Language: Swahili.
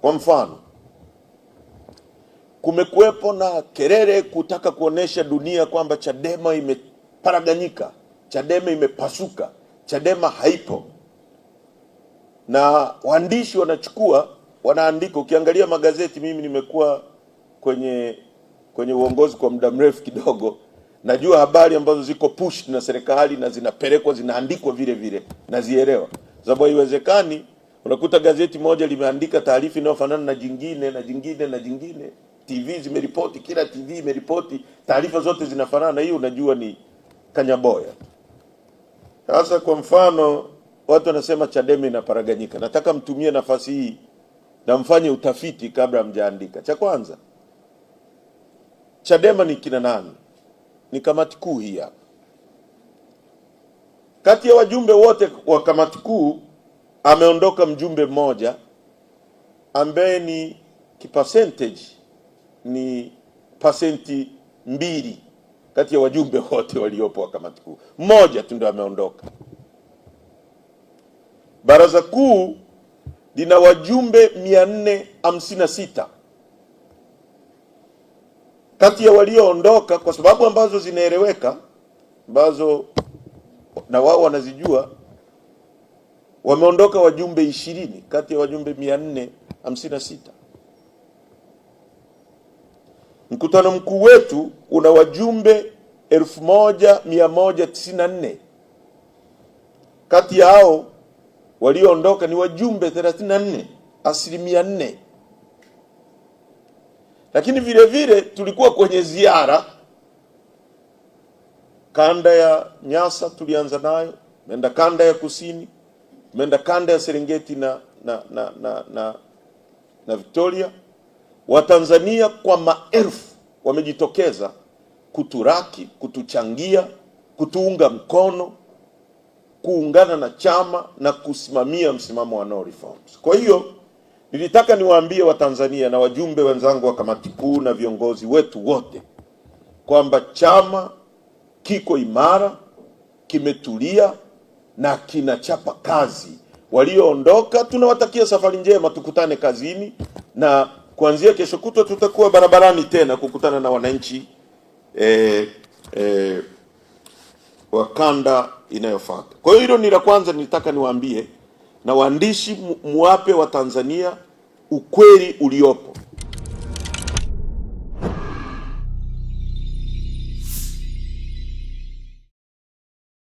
Kwa mfano, kumekuwepo na kelele kutaka kuonesha dunia kwamba Chadema imeparaganyika, Chadema imepasuka, Chadema haipo, na waandishi wanachukua wanaandika. Ukiangalia magazeti, mimi nimekuwa kwenye kwenye uongozi kwa muda mrefu kidogo, najua habari ambazo ziko push na serikali na zinapelekwa zinaandikwa vile vile, nazielewa sababu haiwezekani Unakuta gazeti moja limeandika taarifa inayofanana na jingine na jingine na jingine, TV zimeripoti, kila TV imeripoti, taarifa zote zinafanana. hiyo unajua ni kanyaboya. Sasa kwa mfano, watu wanasema Chadema inaparaganyika. Nataka mtumie nafasi hii na mfanye utafiti kabla mjaandika. Cha kwanza, Chadema ni kina nani? Ni kamati kuu hii hapa. Kati ya wajumbe wote wa kamati kuu ameondoka mjumbe mmoja ambaye ni kipercentage ni pasenti mbili kati ya wajumbe wote waliopo wa kamati kuu, mmoja tu ndio ameondoka. Baraza kuu lina wajumbe 456 kati ya walioondoka kwa sababu ambazo zinaeleweka, ambazo na wao wanazijua wameondoka wajumbe ishirini kati ya wajumbe mia nne hamsini na sita. Mkutano mkuu wetu una wajumbe elfu moja mia moja tisini na nne kati ya hao walioondoka ni wajumbe 34, asilimia 4. Lakini vile vile tulikuwa kwenye ziara kanda ya Nyasa, tulianza nayo, meenda kanda ya kusini tumeenda kanda ya Serengeti na, na, na, na, na, na Victoria. Watanzania kwa maelfu wamejitokeza kuturaki, kutuchangia, kutuunga mkono, kuungana na chama na kusimamia msimamo wa no reforms. Kwa hiyo nilitaka niwaambie Watanzania na wajumbe wenzangu wa kamati kuu na viongozi wetu wote kwamba chama kiko imara, kimetulia na kinachapa kazi. Walioondoka tunawatakia safari njema, tukutane kazini, na kuanzia kesho kutwa tutakuwa barabarani tena kukutana na wananchi eh, eh, wa kanda inayofuata. Kwa hiyo hilo ni la kwanza, nilitaka niwaambie na waandishi muwape wa Tanzania ukweli uliopo.